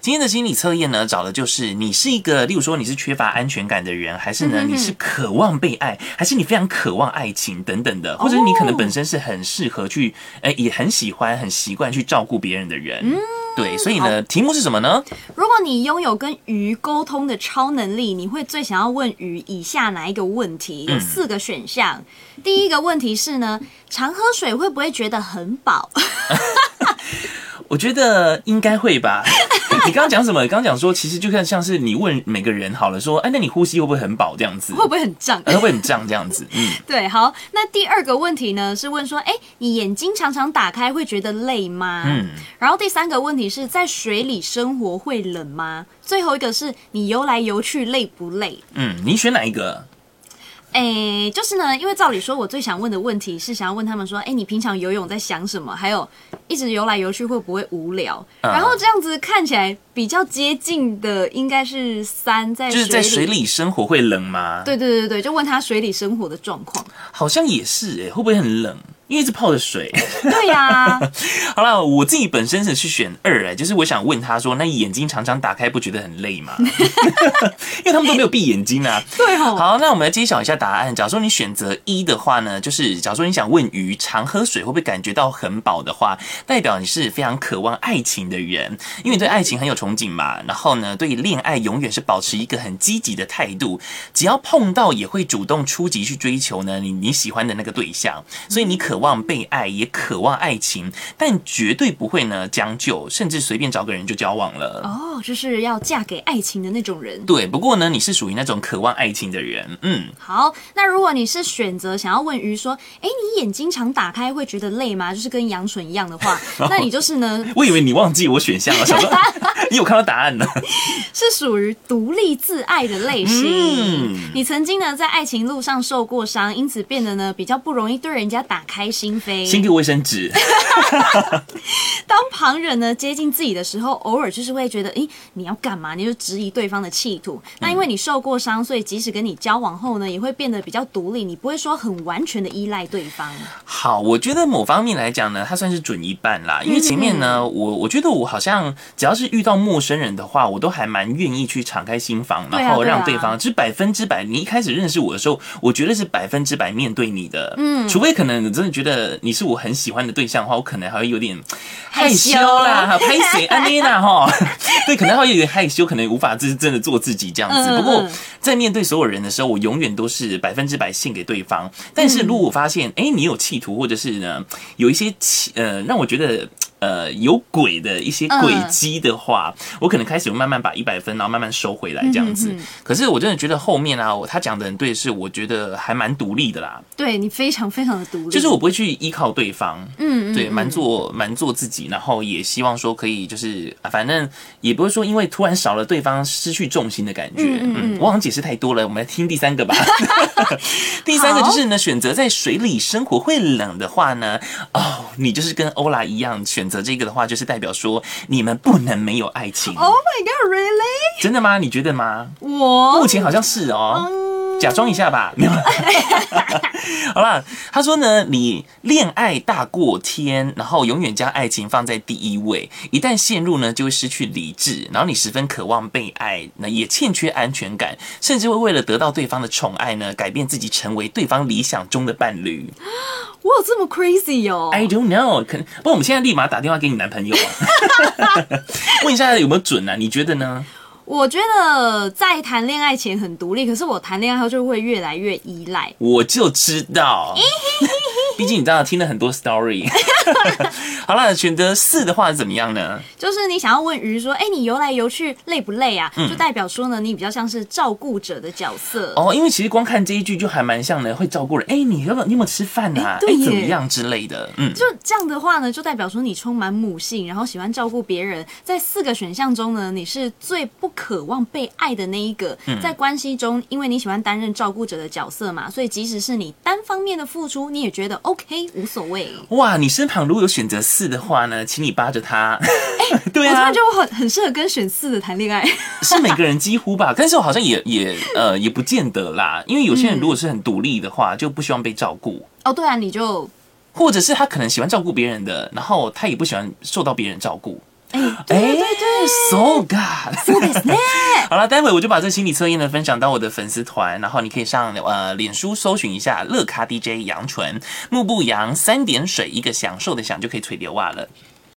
今天的心理測驗呢，找的就是你是一個，例如說你是缺乏安全感的人，還是呢你是渴望被愛，還是你非常渴望愛情等等的，或者你可能本身是很適合去，哎、哦，也很喜歡、很習慣去照顧別人的人。嗯、對，所以呢，好題目是什麼呢？如果你擁有跟魚溝通的超能力，你會最想要問魚以下哪一個問題？有、嗯、四個選項。第一個問題是呢，常喝水會不會覺得很飽？ 我覺得應該會吧。 你剛剛講什麼？你剛剛講說，其實就看像是你問每個人好了，說，哎，那你呼吸會不會很飽？這樣子會不會很脹？ 會不會很脹這樣子。嗯，對。好，那第二個問題呢是問說，哎，你眼睛常常打開會覺得累嗎？嗯。然後第三個問題是在水裡生活會冷嗎？最後一個是你游來游去累不累？嗯，你選哪一個？哎，就是呢，因為照理說，我最想問的問題是想要問他們說，哎，你平常游泳在想什麼？還有。一直遊來遊去會不會無聊？啊、然後這樣子看起來比較接近的應該是三，在就是在水裡生活會冷嗎？對對對對，就問他水裡生活的狀況，好像也是誒、欸，會不會很冷？因為是泡的水對，啊，對呀。好了，我自己本身是去選二，哎、欸，就是我想問他說，那眼睛常常打開不覺得很累嗎？ 因為他們都沒有閉眼睛啊。對，好，那我們來揭曉一下答案。假如說你選擇一的話呢，就是假如說你想問魚常喝水會不會感覺到很飽的話，代表你是非常渴望愛情的人，因為你對愛情很有憧憬嘛。然後呢，對戀愛永遠是保持一個很積極的態度，只要碰到也會主動出擊去追求呢，你你喜歡的那個對象，所以你可。渴望被愛，也渴望愛情，但絕對不會呢將就，甚至隨便找個人就交往了。哦，oh, 就是要嫁給愛情的那種人。對，不過呢，你是屬於那種渴望愛情的人。嗯，好，那如果你是選擇想要問魚說，哎、欸，你眼睛常打開會覺得累嗎？就是跟羊蠢一樣的話，那你就是呢？ 我以為你忘記我選項了，想說。 你有看到答案呢？ 是屬於獨立自愛的類型。你曾經呢在愛情路上受過傷，因此變得呢比較不容易對人家打開心扉。先給我衛生紙。當旁人呢接近自己的時候，偶爾就是會覺得，哎，你要幹嘛？你就質疑對方的企圖。那因為你受過傷，所以即使跟你交往後呢，也會變得比較獨立，你不會說很完全的依賴對方。好，我覺得某方面來講呢，他算是準一半啦。因為前面呢，我我覺得我好像只要是遇到。陌生人的話，我都還蠻願意去敞開心房，然後讓對方，就是百分之百。你一開始認識我的時候，我覺得是百分之百面對你的。嗯，除非可能你真的覺得你是我很喜歡的對象的話，我可能還會有點害羞啦，怕水妮娜哈，對，可能還會有點害羞，可能無法真的做自己這樣子。不過在面對所有人的時候，我永遠都是百分之百獻給對方。但是如果我發現哎、欸，你有企圖，或者是呢，有一些呃，讓我覺得。呃，有鬼的一些軌跡的話，我可能開始慢慢把一百分，然後慢慢收回來這樣子。可是我真的覺得後面啊，他講的很對，是我覺得還蠻獨立的啦。對，你非常非常的獨立，就是我不會去依靠對方。嗯，對，蠻做蠻做自己，然後也希望說可以，就是、啊、反正也不會說因為突然少了對方失去重心的感覺。嗯，我好像解釋太多了，我們來聽第三個吧。 好 第三個就是呢，選擇在水裡生活會冷的話呢，哦。你就是跟歐啦一樣選擇這個的話，就是代表說你們不能沒有愛情。Oh my God, really？真的嗎？你覺得嗎？我 Wow. 目前好像是哦，um、假裝一下吧， 好啦，他說呢，你戀愛大過天，然後永遠將愛情放在第一位，一旦陷入呢，就會失去理智，然後你十分渴望被愛，那也欠缺安全感，甚至會為了得到對方的寵愛呢，改變自己成為對方理想中的伴侶。我有、wow, 這麼 crazy 哦！I don't know，可能，不過，我們現在立馬打電話給你男朋友啊， 問一下有沒有準啊？你覺得呢？我覺得在談戀愛前很獨立，可是我談戀愛後就會越來越依賴。我就知道。 畢竟你知道聽了很多 story， 好了，選擇四的話是怎麼樣呢？就是你想要問魚說：“哎、欸，你游來游去累不累啊？”嗯、就代表說呢，你比較像是照顧者的角色哦。因為其實光看這一句就還蠻像呢，會照顧人。哎、欸，你有沒有你有沒有吃飯吶、啊欸？對、欸、怎麼樣之類的？嗯，就這樣的話呢，就代表說你充滿母性，然後喜歡照顧別人。在四個選項中呢，你是最不渴望被愛的那一個。嗯、在關係中，因為你喜歡擔任照顧者的角色嘛，所以即使是你單方面的付出，你也覺得。OK，無所謂。哇，你身旁如果有選擇四的話呢，請你扒着他。哎、欸， 對啊，我突然就很很適合跟選四的談戀愛。 是每個人幾乎吧，但是我好像也也呃也不見得啦，因為有些人如果是很獨立的話，嗯、就不希望被照顧。哦，對啊，你就或者是他可能喜歡照顧別人的，然後他也不喜歡受到別人照顧。哎，對對,對,對、欸、，So God，是是 好啦，待會我就把這心理測驗呢分享到我的粉絲團，然後你可以上呃臉書搜尋一下樂咖 DJ 楊淳，木部楊三點水一個享受的享，就可以吹牛襪了。